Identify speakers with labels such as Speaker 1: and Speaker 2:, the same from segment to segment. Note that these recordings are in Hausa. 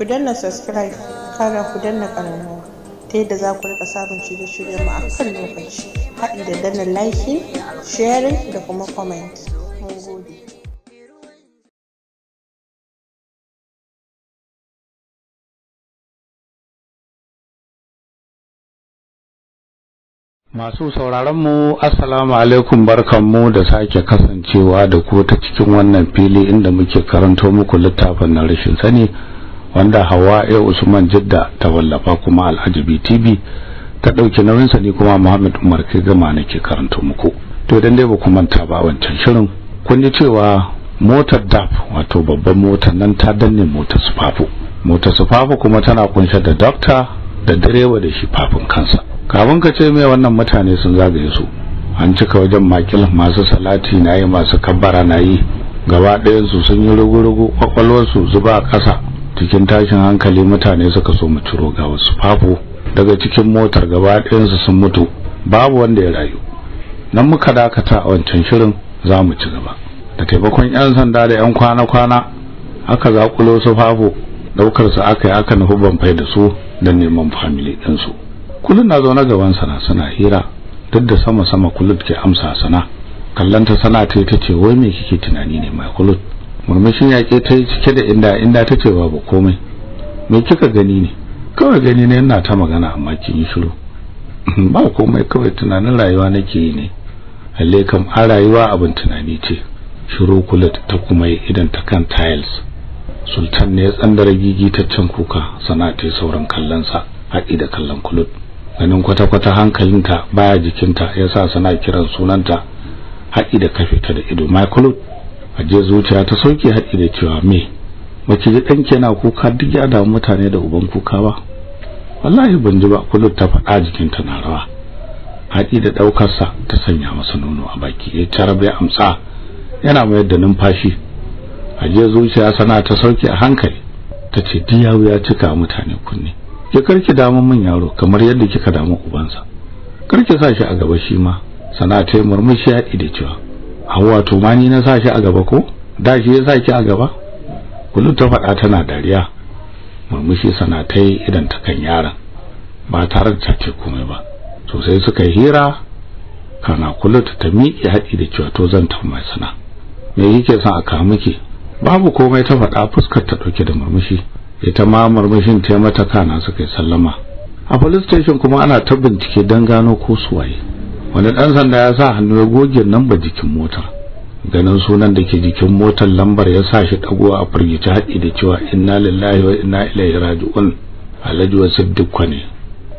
Speaker 1: ku danna subscribe kara ku danna ƙararrawa ta yadda za ku rika samun shirye shiryen mu a kan lokaci haɗi da danna like sharing da kuma comment mun gode Masu sauraronmu, Assalamu alaikum barkanmu da sake kasancewa da ku ta cikin wannan fili inda muke karanto muku littafin na rashin sani wanda hawa ya usman jidda ta wallafa kuma Al'ajibi tv ta ɗauki nauyinsa ne kuma muhammad umar kai gama nake karanta muku to idan dai ba ku manta ba wancan shirin kun ji cewa motar daf wato babban motar nan ta danne motar sufafu motar sufafu kuma tana kunshe da dokta da direba da shi fafin kansa kafin ka ce mai wannan mutane sun zagaye su an cika wajen makil masu salati na yi masu kabbara na yi gaba ɗayansu sun yi rugu-rugu su zuba a ƙasa cikin tashin hankali mutane suka so mu ciro ga wasu fafo daga cikin motar gaba ɗayansu sun mutu babu wanda ya rayu nan muka dakata a wancan shirin za mu ci gaba da taimakon 'yan sanda da 'yan kwana-kwana aka zakulo su fafo daukar su aka yi aka nufi fai da su da neman famili ɗinsu kullum na zaune gaban sana suna hira duk da sama-sama kullum ke amsa sana kallanta sana ta ta ce wai me kike tunani ne mai kullum? murmushin yaƙe ta yi cike da inda inda ta ce babu komai me kika gani ne kawai gani ne yana ta magana amma kin yi shiru ba komai kawai tunanin rayuwa nake yi ne lalle kam a rayuwa abin tunani ce shiru kulat ta kuma idan ta kan tiles sultan ne ya tsandara can kuka sana ta yi sauran sa haɗi da kallon kulut ganin kwata-kwata hankalinta baya jikinta ya sa sana kiran sunanta haɗi da kafe ta da ido my kulut aje zuciya ta sauke haɗi da cewa me mace da ɗanki yana kuka duk ya damu mutane da uban kuka ba wallahi ban ji ba kullum ta faɗa jikinta na rawa haɗi da sa ta sanya masa nono a baki ya tarbe ya amsa yana mayar da numfashi aje zuciya sana ta sauke a hankali ta ce diyawu ya cika mutane kunne ki karki damun min yaro kamar yadda kika damu ubansa karki sa shi a gaba shi ma sana ta yi murmushi haɗi da cewa hawa to ma ni na sa shi a gaba ko da shi ya sa ki a gaba kullu ta faɗa tana dariya murmushi sana ta idan ta kan yaran ba tare da ta komai ba sosai suka hira kana kullu ta miƙe haɗi da cewa to zan tafi sana me yake son a kawo miki babu komai ta faɗa fuskar ta ɗauke da murmushi ita ma murmushin ta mata kana suka yi sallama a police station kuma ana ta bincike don gano ko suwaye wani dan sanda ya sa hannu ya goge lambar jikin motar ganin sunan da ke jikin motar lambar ya sa shi dagowa a firgice haɗi da cewa inna lillahi wa inna ilaihi raji'un alhaji wasu dukka ne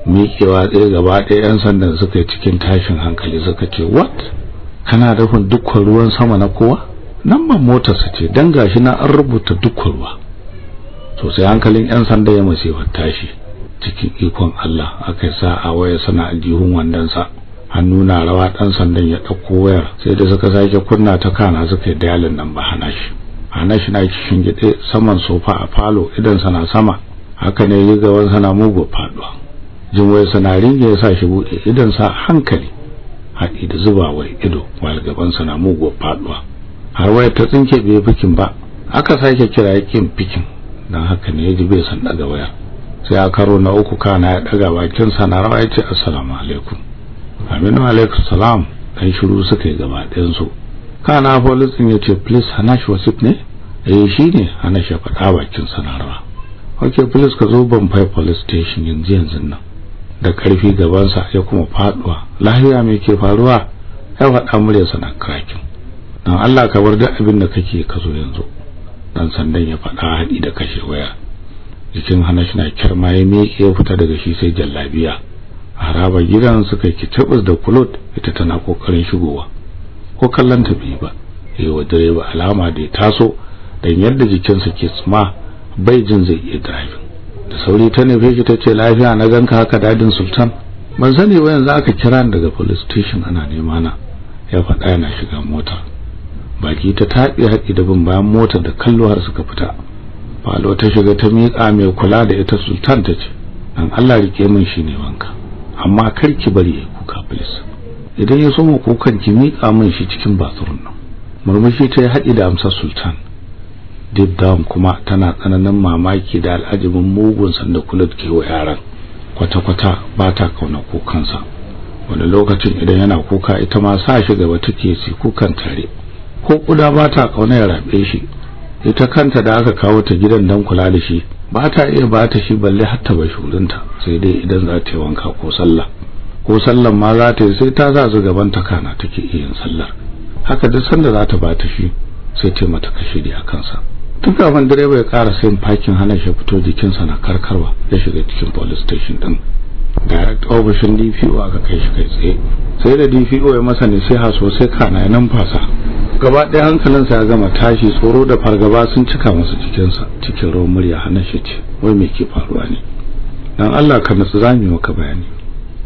Speaker 1: miƙewa tsaye gaba ɗaya yan sandan suka yi cikin tashin hankali suka ce what kana dafin dukkan ruwan sama na kowa lambar motarsa ce dan gashi na an rubuta dukkan ruwa sosai hankalin yan sanda ya mace tashi cikin ikon Allah aka sa a waya sana aljihun wandansa hannu na rawa dan sandan ya dauko wayar sai da suka sake kunna ta kana suka yi dialin nan ba hanashi hanashi na cikin gide saman sofa a falo idan sana sama haka ne yi gaban sana mugu faduwa jin waya sana ringe ya sa shi bude idan sa hankali haɗi da zubawar ido wal gaban sana mugu faduwa har waya ta tsinke bai fikin ba aka sake kira yakin fikin dan haka ne yaji bai san daga wayar sai a karo na uku kana ya daga bakin sana na rawa yace assalamu alaikum aminu alaikum salam ɗan shiru suka yi gaba ɗayansu kana ɗin ya ce please hanash wasif ne eh shi ne hanash ya faɗa bakin sanarwa ok please ka zo banfai police station yanzu yanzu nan da ƙarfi gabansa ya kuma faɗuwa lahiya me ke faruwa ya faɗa muryarsa na krakin dan Allah ka bar duk abin da kake ka zo yanzu dan sandan ya faɗa haɗi da kashe waya jikin hanash na ma ya miƙe ya fita daga shi sai jallabiya haraba gidan suka yi kitabus da kulot ita tana kokarin shigowa ko kallon ta bai ba yayin direba alama da ya taso dan yadda jikin jikinsa ke tsuma bai jin zai iya drive da sauri ta nufe shi ta ce lafiya na ganka haka dadin sultan ban sani ba yanzu aka kira ni daga police station ana nema na ya faɗa yana shiga mota baki ta taɓe haƙi da bin bayan mota da kallo har suka fita falo ta shiga ta miƙa mai kula da ita sultan ta ce dan Allah rike min shi ne wanka amma kar ki bari ya kuka please idan ya soma kukan ki miƙa min shi cikin bathroom nan murmushi ta haɗi da amsar sultan deep down kuma tana tsananin mamaki da al'ajibin mugun da kulat ke wa yaran kwata-kwata ba ta kauna kukansa wani lokacin idan yana kuka ita ma sa shi gaba take si kukan tare ko kuda ba ta kauna ya rabe shi ita kanta da aka kawo ta gidan dan kula da shi ba ta iya ba ta shi balle har ta bashurinta sai dai idan za ta yi wanka ko sallah ko sallan ma za ta yi sai ta sa su gaban ta kana take yin sallar haka duk sanda za ta ba ta shi sai ta mata kashi da kansa tun kafin direba ya ƙara sayin fakin hana shi fito jikinsa na karkarwa ya shiga cikin police station din direct ofishin DPO aka kai shi kai tsaye sai da DPO ya masa ne sai haso sai kana ya numfasa gaba ɗaya hankalinsa ya gama tashi tsoro da fargaba sun cika masa cikinsa cikin ruwan murya hannun shi ce wai mai ke faruwa ne don Allah ka nutsu yi maka bayani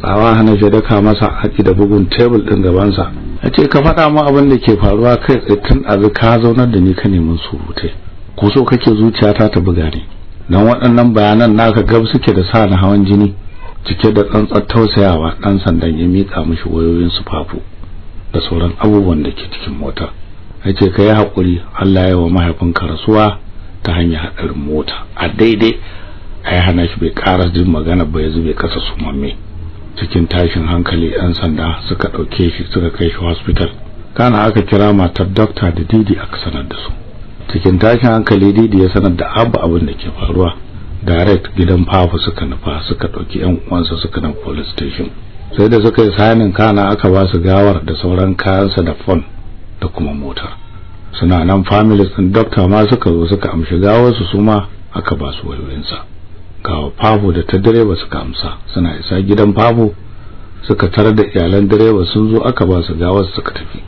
Speaker 1: tsawa hannun shi daka masa haƙi da bugun tebul ɗin gabansa ya ce ka faɗa mu abin da ke faruwa kai tsaye tun ɗazu ka zaunar da ni ka neman surutai ko so kake zuciyata ta buga ne Don waɗannan bayanan naka gab suke da sa na hawan jini cike da tsantsar tausayawa ɗan sandan ya miƙa mashi wayoyin su fafu da sauran abubuwan da ke cikin motar nace kai hakuri Allah ya wa mahaifinka rasuwa ta hanyar hadarin mota a daidai ai hana shi bai ƙara jin magana ba ya zube kasa su mamme. cikin tashin hankali ɗan sanda suka ɗauke shi suka kai shi hospital kana aka kira matar doctor da Didi aka sanar da su cikin tashin hankali Didi ya sanar da abu abin da ke faruwa direct gidan Fafu suka nufa suka ɗauki ƴan uwansa suka nan police station sai da suka yi sanin kana aka ba su gawar da sauran kayansa da phone da kuma motar suna nan families din doctor ma suka zo suka amshi gawarsu su ma aka ba su wayoyinsa gawa fafo da ta direba suka amsa suna isa gidan fafo suka tarar da iyalan direba sun zo aka ba su gawar suka tafi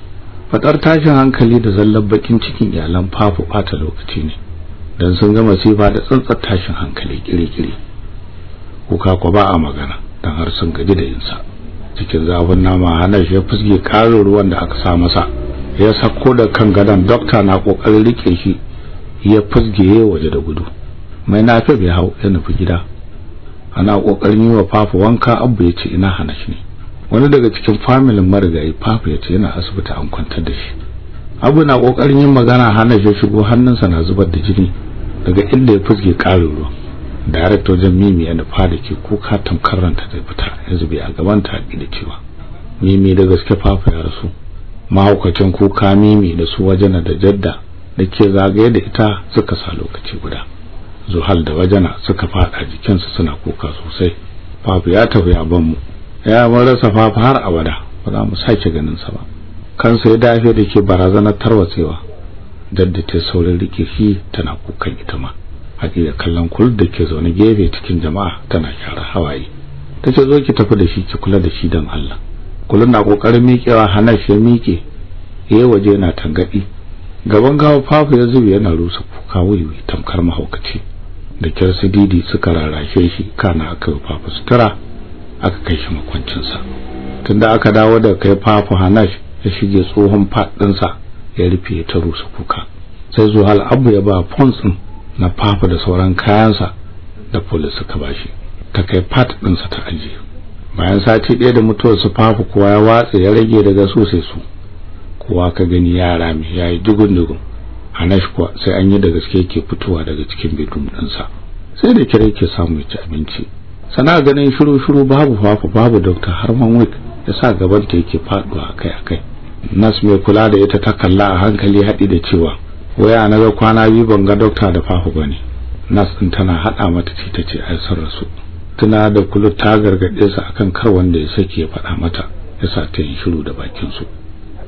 Speaker 1: fadar tashin hankali da zallan bakin cikin iyalan fafo bata lokaci ne dan sun gama masifa da tsantsar tashin hankali kirikiri kuka ko ba a magana dan har sun gaji da yinsa cikin zafin nama hanar ya fusge karo ruwan da aka sa masa ya sako da kan gadon doctor na kokarin rike shi ya fusgeye waje da gudu mai nafi bai hau ya nufi gida ana kokarin yi wa fafa wanka abu ya ce ina hana shi wani daga cikin family marigayi fafa ya ce yana asibiti an kwantar da shi abu na kokarin yin magana hana shi shigo hannunsa na zubar da jini daga inda ya fusge karin ruwa director jan mimi ya fada ke kuka tamkar ranta ta fita ya zube a gaban ta da cewa mimi da gaske fafa ya rasu mahaukacin kuka mimi da su wajena da jadda da ke zagaye da ita suka sa lokaci guda zuhal da wajena suka fada jikinsu suna kuka sosai fafu ya tafi ban mu ya mun rasa fafu har abada ba za mu sake ganin sa ba kansa ya dafe da ke barazanar tarwatsewa jadda ta saurin rikici, tana kukan ita ma hakika kallon kul da ke zaune gefe cikin jama'a tana kyara hawaye tace zo ki tafi da shi ki kula da shi dan Allah kulun na kokarin miƙewa hana shi miƙe ya waje na tangaɗi gaban gawa fafu ya zubi yana rusa kuka wuiwui tamkar mahaukaci da kyar su didi suka rarashe shi kana aka yi sutura aka kai shi sa tunda aka dawo da kai fafa hanash ya shige tsohon ɗinsa ya rufe ta rusa kuka sai zuhal abu ya ba fonts na fafu da sauran kayansa da police suka bashi ta kai fat ɗinsa ta ajiye bayan sati ɗaya da mutuwar su fafu kuwa ya watse ya rage daga su sai su kowa ka gani yara rame ya yi dugun dugun hanash kuwa sai an yi da gaske ke fitowa daga cikin bedroom ɗinsa sai da kira yake samu ya ci abinci sana ganin shiru shiru babu fafu babu dokta harman wik ya sa gabanta yake faɗuwa akai akai nas mai kula da ita ta kalla a hankali haɗi da cewa waya na ga kwana biyu ban ga dokta da ba ne. nas ɗin tana haɗa mata ce ta ce ai sun rasu tuna da kullu ta gargaɗe su akan kar wanda ya sake faɗa mata yasa ta yi shiru da bakin su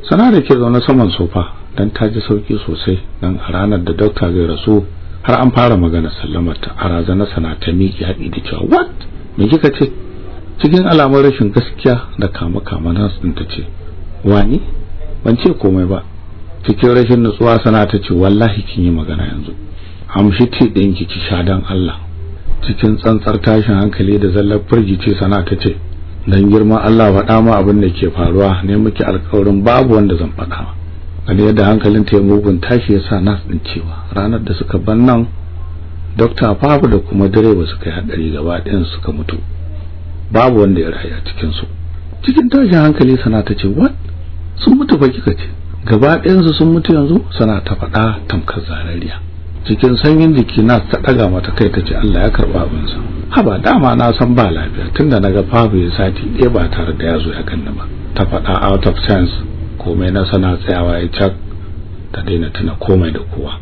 Speaker 1: sana da ke zaune saman sofa dan ta ji sauki sosai dan a ranar da dokta zai rasu har an fara magana sallamar ta a razana sana ta miƙe haɗi da cewa what me kika ce cikin alamar rashin gaskiya da kama kama na sun ta ce wani ban ce komai ba cikin rashin nutsuwa sana ta ce wallahi kin yi magana yanzu amshi ti ɗin ki sha dan Allah cikin tsantsar tashin hankali da zallar firgice sana ta ce dan girma Allah faɗa ma abin da ke faruwa ne muke alƙawarin babu wanda zan faɗa ma yadda hankalin ta mugun tashi yasa na tsin cewa ranar da suka ban nan dokta babu da kuma direba suka yi hadari gaba ɗayan suka mutu babu wanda ya rayu a cikin su cikin tashin hankali sana ta ce what sun mutu fa kika ce gaba ɗayan su sun mutu yanzu sana ta faɗa tamkar zarariya cikin sanyin jiki na ta daga mata kai ta ce Allah ya karba abinsa haba dama na san ba lafiya tunda naga babu ya sati ɗaya ba tare da yazo ya ganni ba ta faɗa out of sense komai na sana tsayawa ya cak ta daina tana komai da kowa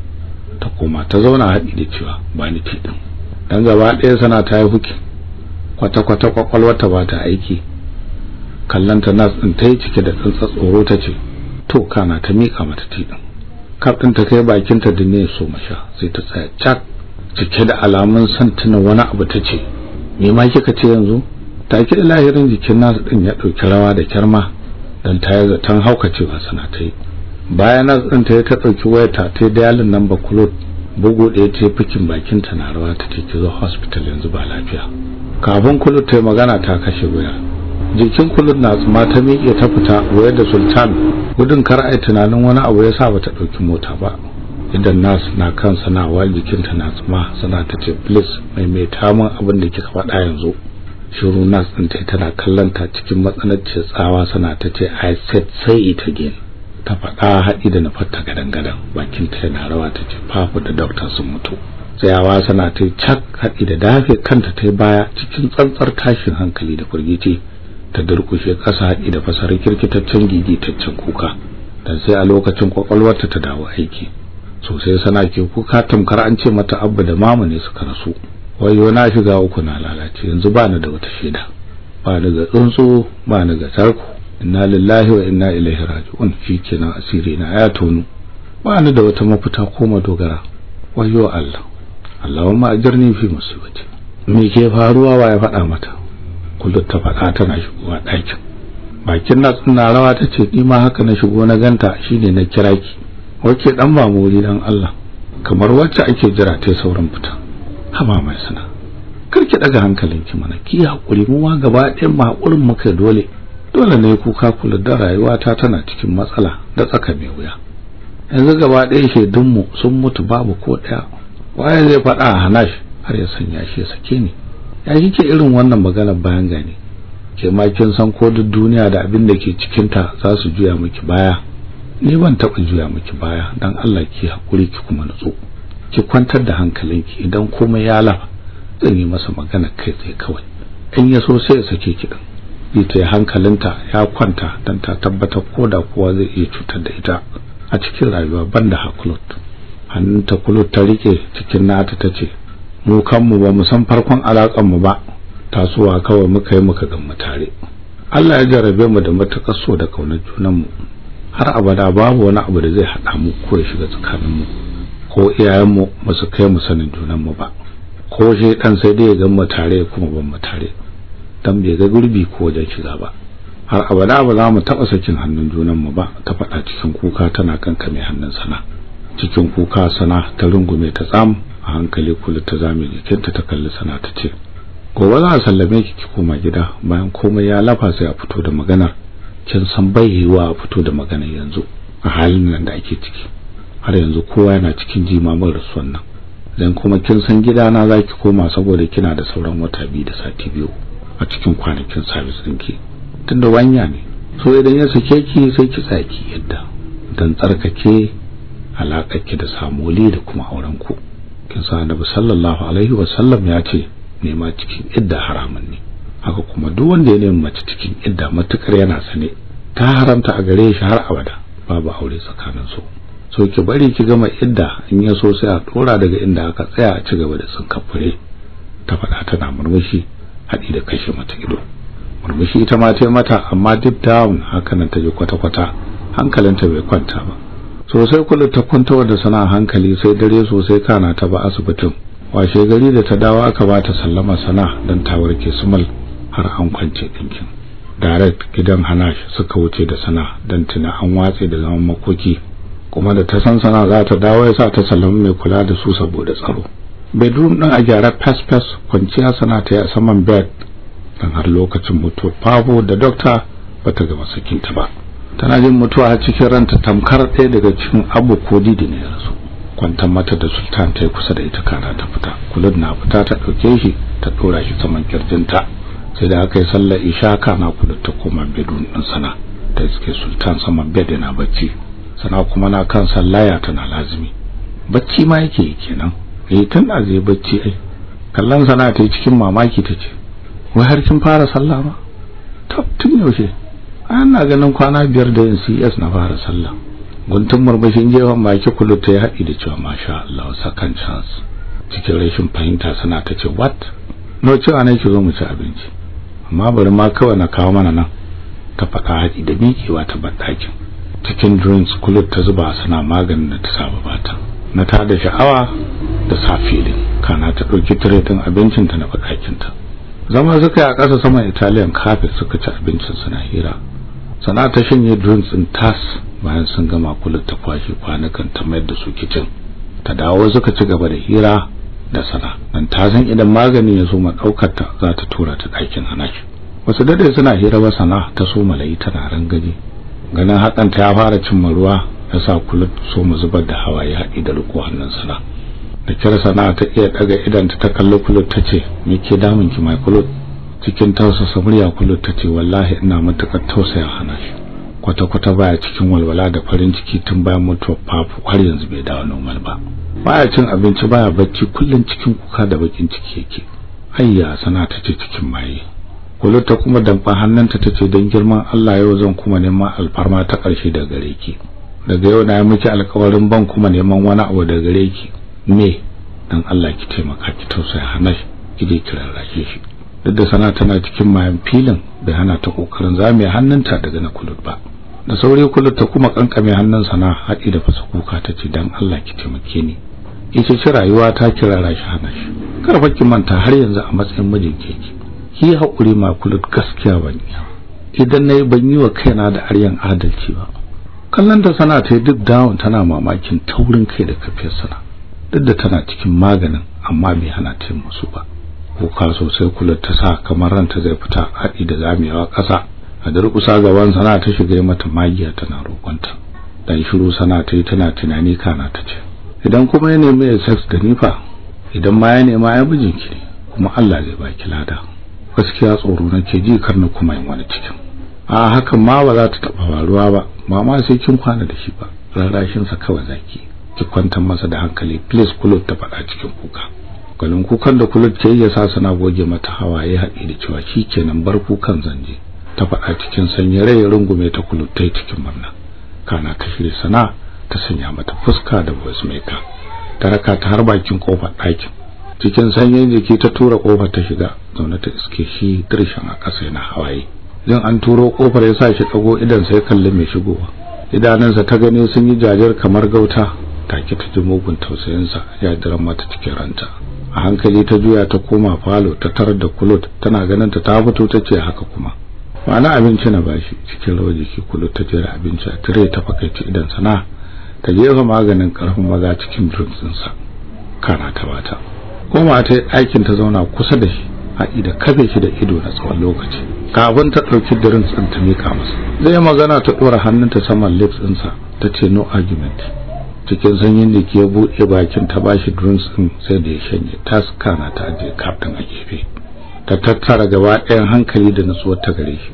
Speaker 1: ta koma ta zauna haɗi da cewa ba ni ti din dan gaba ɗaya sana ta yi huki kwata kwata kwakwalwarta ba ta aiki kallanta nas ɗin ta yi cike da tsantsa tsoro ta ce to kana ta mika mata ti Kafin ta kai bakinta da ne so masha sai ta tsaya cak cike da alamun san tuna wani abu ta ce me ma kika ce yanzu ta da lahirin jikin nasu din ya dauki rawa da kyarma dan tayar da tan haukacewa sana ta yi bayan nasu din ta ta dauki wayar ta ta dialin number cloth bugu ɗaya ta fikin bakin ta na rawa ta ki zo hospital yanzu ba lafiya kafin cloth ta magana ta kashe wayar jikin kulun na tsuma ta miƙe ta fita waye da sultan gudun kar ai tunanin wani abu ya sa bata ɗauki mota ba idan nas na kan sanawa ta na tsuma sana ta ce please mai mai tamun abin da kika faɗa yanzu shiru nas ɗin ta tana kallon ta cikin matsanancin tsawa sana ta ce i said say it again ta faɗa haɗi da nufar ta gadan-gadan bakinta yana rawa ta ce fafu da dokta sun mutu tsayawa sana ta yi cak haɗi da dafe kanta ta yi baya cikin tsantsar tashin hankali da firgici ta durkushe ƙasa haɗi da fasar kirkitaccen gigitaccen kuka dan sai a lokacin kwakwalwarta ta dawo aiki sosai sana ke kuka tamkar an ce mata abba da mama ne suka rasu wayo na shiga uku na lalace yanzu bani da wata shaida ba ni ga tsuntsu ba ni ga tarko inna lillahi wa inna ilaihi raji'un shikenan asiri na ya tonu Bani da wata mafita ko madogara wayo Allah Allahumma ajirni fi musibati me ke faruwa wa ya faɗa mata kullu ta faɗa tana shigowa ɗakin bakin na na rawa ta ce ni ma haka na shigo na ganta shine na kira ki wake dan mamuri dan Allah kamar wacce ake jira ta sauran fita haba mai sana ki daga hankalinki mana ki hakuri mu ma gaba ɗayan mu hakurin muka dole dole ne kuka kula da rayuwa ta tana cikin matsala da tsaka mai wuya yanzu gaba ɗaya mu sun mutu babu ko ɗaya waye zai faɗa a hanash har ya sanya shi sake ni ya kike irin wannan maganar bayan gani ke ma kin san ko duk duniya da abin da ke cikin ta za su juya miki baya ni ban taba juya miki baya dan Allah ki hakuri ki kuma nutso ki kwantar da hankalinki idan komai ya lafa zan yi masa magana kai tsaye kawai in ya so sai ya sake ki din ita hankalinta ya kwanta dan ta tabbatar da kowa zai iya cutar da ita a cikin rayuwa banda hakulut hannunta kulut ta rike cikin nata ce. mu kanmu ba mu san farkon alakan mu ba tasowa kawai muka yi muka gamma tare Allah ya jarabe mu da matakar so da kaunar junan mu har abada babu wani abu da zai hada mu ko ya shiga tsakanin mu ko iyayen mu ba su kai mu sanin junan mu ba ko shi dan sai dai ya gamma tare kuma ban mu tare dan bai ga gurbi ko wajen shiga ba har abada ba za mu taɓa sakin hannun junan mu ba ta faɗa cikin kuka tana kankame hannun sana cikin kuka sana ta rungume ta tsamu a hankali kula ta zame jikinta ta kalli sana ta ce gobe za a sallame ki ki koma gida bayan komai ya lafa sai a fito da magana kin san bai yiwa a fito da magana yanzu a halin nan da ake ciki har yanzu kowa yana cikin jimamin rasuwan nan dan kuma kin san gida gidana ki koma saboda kina da sauran wata biyu da sati biyu a cikin kwanakin service tun tunda wanya ne so idan ya sake ki sai ki tsaki yadda dan tsarkake alaƙarki da samoli da kuma auren ku. hadisin sa annabi sallallahu alaihi sallam ya ce nema cikin idda haramun ne haka kuma duk wanda ya nemi mace cikin idda matukar yana sane ta haramta a gare shi har abada babu aure tsakanin su so ki bari ki gama idda in ya so sai a dora daga inda aka tsaya a ci gaba da sun kafure ta faɗa tana murmushi haɗi da kashe mata ido murmushi ita ma ta mata amma deep down hakanan ta ji kwata-kwata hankalinta bai kwanta ba sosai kula ta kwantar da sana hankali sai dare sosai kana ta ba asibitin washe gari da ta dawo aka ba ta sallama sana dan ta warke sumal har an kwance dinkin direct gidan hanash suka wuce da sana dan tuna an watse da zaman makoki kuma da ta san sana za ta dawo ya sa ta sallama mai kula da su saboda tsaro bedroom din a gyara fast fes kwanciya sana ta a saman bed dan har lokacin mutuwar Pavo da doctor bata gama sakinta ba tana jin mutuwa cikin ranta tamkar ɗaya daga cikin abu ko didi ne ya rasu kwantar mata da sultan ta yi kusa da ita kana ta fita kulud na fita ta ɗauke shi ta ɗora shi saman kirjinta sai da aka yi sallar isha kana kulud ta koma bedu ɗin sana ta iske sultan saman bed yana bacci sana kuma na kan sallaya tana lazimi bacci ma yake kenan eh tun a zai bacci ai kallon sana ta yi cikin mamaki ta ce wai har kin fara sallah ma tun yaushe ana ganin kwana biyar da yin cs na fara sallah guntun murmushin jefan baki kuluta ya haɗi da cewa masha Allah second chance cikin rashin fahimta suna ta ce what no a ana ki zo mu ci abinci amma bari ma kawai na kawo mana nan ta faɗa haɗi da miƙewa ta baɗaki cikin drinks kulut ta zuba suna maganin da ta saba bata na ta da sha'awa da safilin kana ta ɗauki tiretin abincin ta na baɗakinta zama suka yi a ƙasa saman Italiyan kafin suka ci abincin suna hira sana ta shanye drinks in tas bayan sun gama kula ta kwashi kwanukan ta mayar da su kitchen ta dawo suka ci gaba da hira da sana dan ta san idan magani ya zo ma daukar ta za ta tura ta ɗakin hanaki wasu dade suna hira ba sana ta so malayi tana gaji ganin hakan ta ya fara cin ruwa ya sa kulut so mu zubar da hawa ya haɗi da riko hannun sana da kira sana ta iya daga idan ta kalli kulut ta ce me ke damun ki mai kulut cikin tausasa murya kullu tace wallahi ina matukar tausaya hana shi kwata-kwata baya cikin walwala da farin ciki tun bayan mutuwar papu har yanzu bai dawo normal ba baya cin abinci baya bacci kullun cikin kuka da bakin ciki yake hayya sana ta ce cikin maye kullu ta kuma damfa ta tace dan girman Allah yau zan kuma neman alfarma ta karshe da gare ki daga yau na yi miki alƙawarin ban kuma neman wani abu da gare ki me dan Allah ki taimaka ki tausaya hana shi ki je kira rake shi duk da sana tana cikin mayan filin bai hana ta kokarin zame hannunta daga na kulut ba da sauri kulut ta kuma kankame hannun sana haɗi da fasa kuka ta ce dan Allah ki taimake ni ita ce rayuwa ta kirara shi hana shi karfa ki manta har yanzu a matsayin mijin keke ki hakuri ma kulut gaskiya ban idan nayi ban yi wa kaina da aryan adalci ba kallon ta sana ta duk down tana mamakin taurin kai da kafiyar sana duk da tana cikin maganin amma bai hana ta musu ba kuka sosai kular ta sa kamar ranta zai fita haɗi da zamewa ƙasa a durƙusa gaban sana ta shiga mata magiya tana roƙonta dan shiru sana ta yi tana tunani kana ta ce idan kuma ya nemi ya sex da nifa idan ma ya nema ya ki ne kuma Allah zai baki lada gaskiya tsoro nake ji kar na kuma yin wani cikin a hakan ma ba za ta taba faruwa ba mama sai kin kwana da shi ba rarashin sa kawai zaki ki kwantar masa da hankali please kulot ta faɗa cikin kuka ganin kukan da kulut ce ya sa suna goge mata hawaye haɗi da cewa kenan bar kukan zanje ta faɗa cikin sanye rai rungume ta kulut ta cikin murna kana ta shirya sana ta sanya mata fuska da voice maker ta raka ta har bakin kofar ɗakin cikin sanyin jiki ta tura kofar ta shiga zaune ta iske shi dirshin a ƙasa yana hawaye Zan an turo kofar ya sa shi ɗago idan sai kalli mai shigowa idanunsa ta gani sun yi jajar kamar gauta take ta ji mugun tausayinsa ya jiran mata cikin ranta a hankali ta juya ta koma falo ta tar da kulut tana ganin ta ta fito ta ce haka kuma ma'ana abinci na bashi cikin rawar jiki kulut ta jera abinci a tire ta fakaici idan sana ta jefa maganin karfin maza cikin drinks ɗinsa kana ta bata koma ta aikin ta zauna kusa da shi a da kafe shi da ido na tsawon lokaci kafin ta ɗauki drinks ɗin ta mika masa zai magana ta ɗora hannunta saman lips ɗinsa ta ce no argument cikin sanyin da ke buɗe bakin ta bashi drinks din sai da ya shanye taska na ta ajiye kafin a gefe ta tattara gaba ɗayan hankali da nutsuwar ta gare shi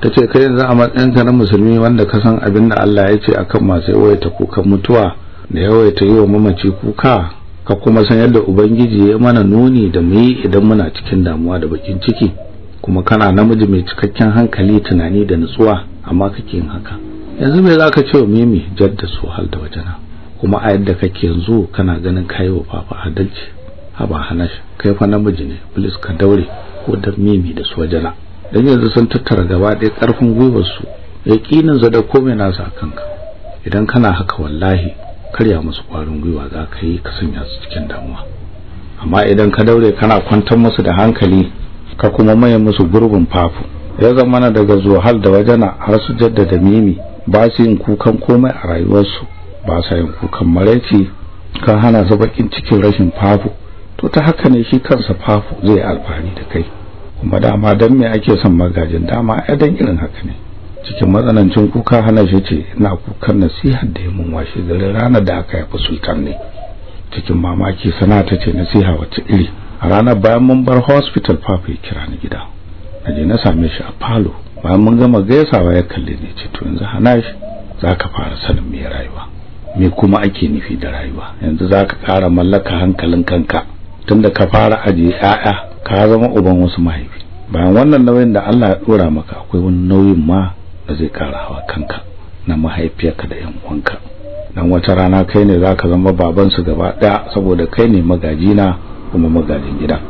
Speaker 1: ta ce kai yanzu a matsayinka na musulmi wanda ka san abin da Allah ya ce akan masu yawaita kukan mutuwa da yawaita yi wa mamaci kuka ka kuma san yadda ubangiji ya mana nuni da mu yi idan muna cikin damuwa da bakin ciki kuma kana namiji mai cikakken hankali tunani da nutsuwa amma kake yin haka yanzu me ka ce wa mimi jaddasu su hal da wajena kuma a yadda kake yanzu kana ganin kayi wa fafa adalci haba hanash kai fa namiji ne please ka daure ko da mimi da su wajena dan yanzu sun tattara gaba ɗaya ƙarfin gwiwar su yaƙinin ko da komai nasa kanka idan kana haka wallahi karya musu ƙwarin gwiwa za ka yi ka sanya su cikin damuwa amma idan ka daure kana kwantar musu da hankali ka kuma maye musu gurbin fafu ya zama na daga zuwa hal da wajena har su jaddada mimi ba su yin kukan komai a rayuwarsu ba sa yin kukan maraici kan hana su bakin cikin rashin fafo to ta haka ne shi kansa fafo zai alfani da kai kuma dama dan me ake son magajin dama a dan irin haka ne cikin matsanancin kuka hana shi ce ina kukan nasihar da mun washe da rana da aka yafi sultan ne cikin mamaki sana ta ce nasiha wacce iri a ranar bayan mun bar hospital fafo ya kira ni gida na je na same shi a falo bayan mun gama gaisawa ya kalle ni ce to yanzu hana shi zaka fara sanin me rayuwa me kuma ake nufi da rayuwa yanzu zaka ƙara mallaka hankalin kanka tunda ka fara aje yaya ka zama uban wasu mahaifi bayan wannan nauyin da Allah ya dora maka akwai wani nauyin ma da zai kara hawa kanka na mahaifiyarka da 'yan uwanka dan wata rana kai ne za ka zama baban su gaba daya saboda kai ne magaji na kuma magajin gida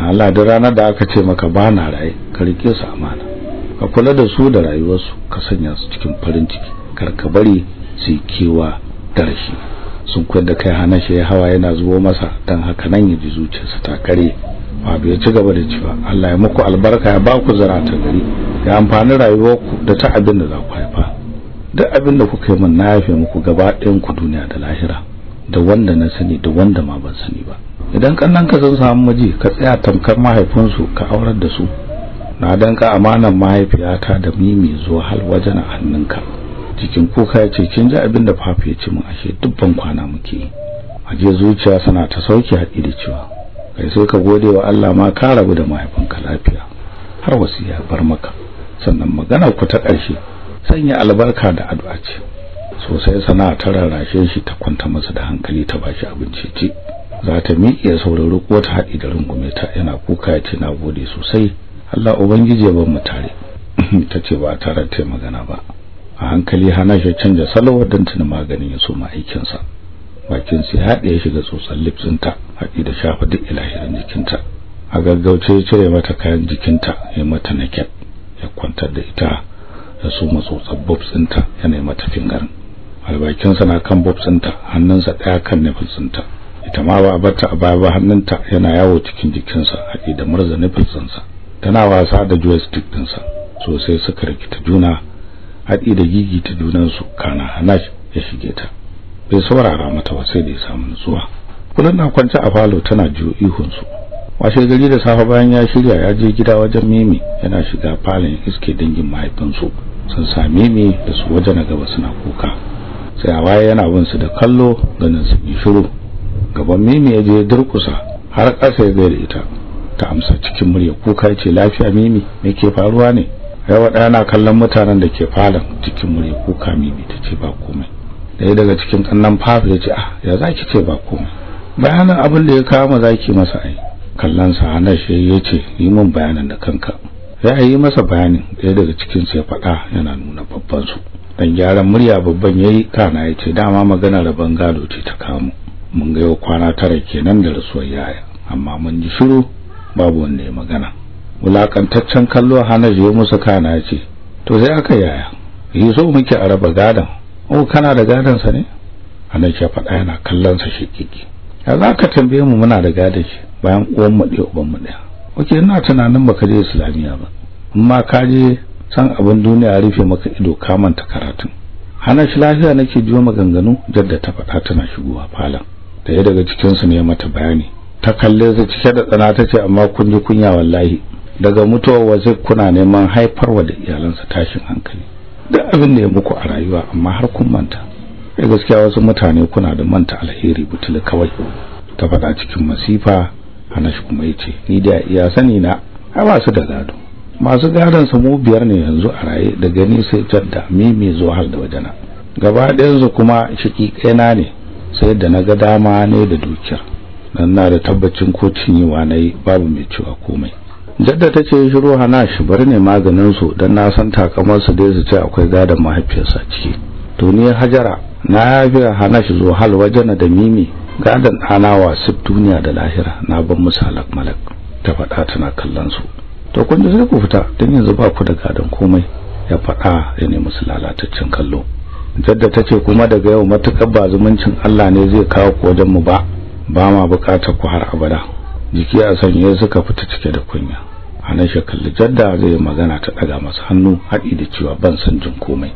Speaker 1: Allah da ranar da aka ce maka bana rai ka rike su amana ka kula da su da rayuwarsu ka sanya su cikin farin ciki kar ka bari su kewa tattara shi sun da kai hana shi hawa yana zubo masa dan haka nan yaji zuciyarsa ta kare babu ya ci gaba da cewa Allah ya muku albarka ya baku zarata gari ya amfani rayuwarku da ta abin da za ku haifa duk abin da kuka yi min na yafe muku gaba ɗayan ku duniya da lahira da wanda na sani da wanda ma ban sani ba idan kannan ka san samu miji ka tsaya tamkar mahaifinsu ka aurar da su na danka amanan mahaifiyata da mimi zuwa hal wajen a hannunka cikin kuka ya ce kin ji abin da fafi ya ce mun ashe dubban kwana muke aje zuciya sana ta sauke haɗi da cewa kai sai ka gode wa Allah ma ka rabu da mahaifinka lafiya har wasiya bar maka sannan magana ku ta ƙarshe sanya albarka da addu'a ce sosai sana ta rarrashe shi ta kwanta masa da hankali ta bashi abinci ce za ta miƙe sauraro ko ta haɗi da rungume ta yana kuka ya ce na gode sosai Allah ubangiji ya bar mu tare ta ce ba tare ta magana ba a hankali hana shi canja salo don tuna maganin ya soma aikinsa bakin sai haɗe ya shiga tsotsan lipsinta haɗi da shafa duk ilahirin jikinta a gaggauce ya cire mata kayan jikinta ya mata naked ya kwantar da ita ya soma tsotsan bobs ɗinta yana mata fingarin albakinsa na kan bobs ɗinta hannunsa ɗaya kan nipples ɗinta ita ma ba bata ba ba hannunta yana yawo cikin jikinsa haɗi da murza nipples ɗinsa tana wasa da joystick ɗinsa sosai suka rikita juna haɗi da gigi gigita junansu kana hanash ya shige ta bai saurara mata ba sai da ya samu nutsuwa kullun na kwance a falo tana jiyo ihun su washe gari da safe bayan ya shirya ya je gida wajen Mimi yana shiga falon iske dangin mahaifinsu sun sa Mimi da su waje na gaba suna kuka sai a waye yana bin su da kallo ganin su yi shiru gaban Mimi ya je durkusa har ƙasa ya da ita ta amsa cikin murya kuka ce lafiya Mimi me ke faruwa ne yawa ɗaya na kallon mutanen da ke falon cikin murya ko kami ta ce ba komai ɗaya daga cikin kannan fafa ya ce ah ya zaki ce ba komai bayanin abin da ya kama za ki masa ai kallon sa ana shi ya ce yi mun bayanin da kanka ya yi masa bayanin ɗaya daga cikin ya faɗa yana nuna babban su dan gyaran murya babban yayi kana ya ce dama magana da ban gado ce ta kamo mun ga yau kwana tara kenan da rasuwar yaya amma mun ji shiru babu wanda ya magana Mulakantaccen kallo hana ya musu kana ce to sai aka yaya yi so muke a raba gadon o oh, kana da gadon sa ne ana ya faɗa yana kallon sa shikiki ya za ka tambaye mu muna da gadon shi bayan uwan mu ɗaya uban mu ɗaya oke ina tunanin baka je islamiya ba amma ka je san abin duniya ya rufe maka ido ka manta karatun hana shi lafiya nake jiwa maganganu jadda ta faɗa tana shigowa falon ɗaya daga cikinsu ne mata bayani ta kalle su cike da tsana ta ce amma kun ji kunya wallahi daga mutuwar waje kuna neman haifar wa da iyalansa tashin hankali da abin da ya muku a rayuwa amma har kun manta ai eh, gaskiya wasu mutane kuna da manta alheri butul kawai ta faɗa cikin masifa Hanash kuma ya ce. ni da iya sani na ai wasu da gado masu gadon su biyar ne yanzu a raye da gani sai jadda mimi zuwa har da wajena gaba ɗaya su kuma ƙaina ne sai da na ga dama ne da dukiyar nan na da tabbacin ko cinyewa yi babu mai cewa komai jadda ta ce shiru hana shi bari ne maganin su dan na san takamar su dai su ce akwai gadon mahaifiyarsa ciki to ni hajara na yafi hana shi zo hal wajen da mimi gadon anawa wasif duniya da lahira na ban musu halak malak ta faɗa tana kallon su to kun ji sai ku fita dan yanzu ba ku da gadon komai ya faɗa ya nemi su lalataccen kallo jadda ta ce kuma daga yau matukar ba zumuncin Allah ne zai kawo ku wajen mu ba ba ma buƙatar ku har abada jiki a sanye suka fita cike da kunya Hanasha kalli Jadda zai yi magana ta daga masu hannu haɗi da cewa ban san jin komai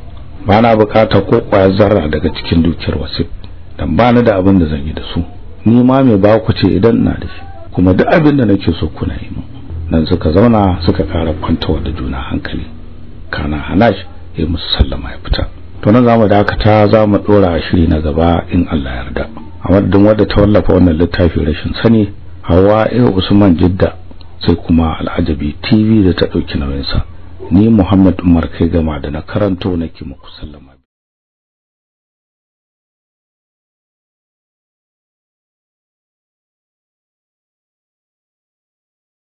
Speaker 1: Ba na bukata ko kwaya zarra daga cikin dukiyar wasif dan ni da abin da zan yi da su ni ma mai ba ku ce idan na da shi kuma duk abin da nake so kuna yi mu nan suka zauna suka fara kwantawa da juna hankali kana Hanash ya Sallama ya fita to nan zamu dakata za zamu dora shiri na gaba in Allah ya yarda a madadin wanda ta wallafa wannan littafin rashin sani Hawa Usman Jidda sai kuma al'ajabi tv da ta dauki nauyinsa ni Muhammad Umar kai gama da na karanto nake muku sallama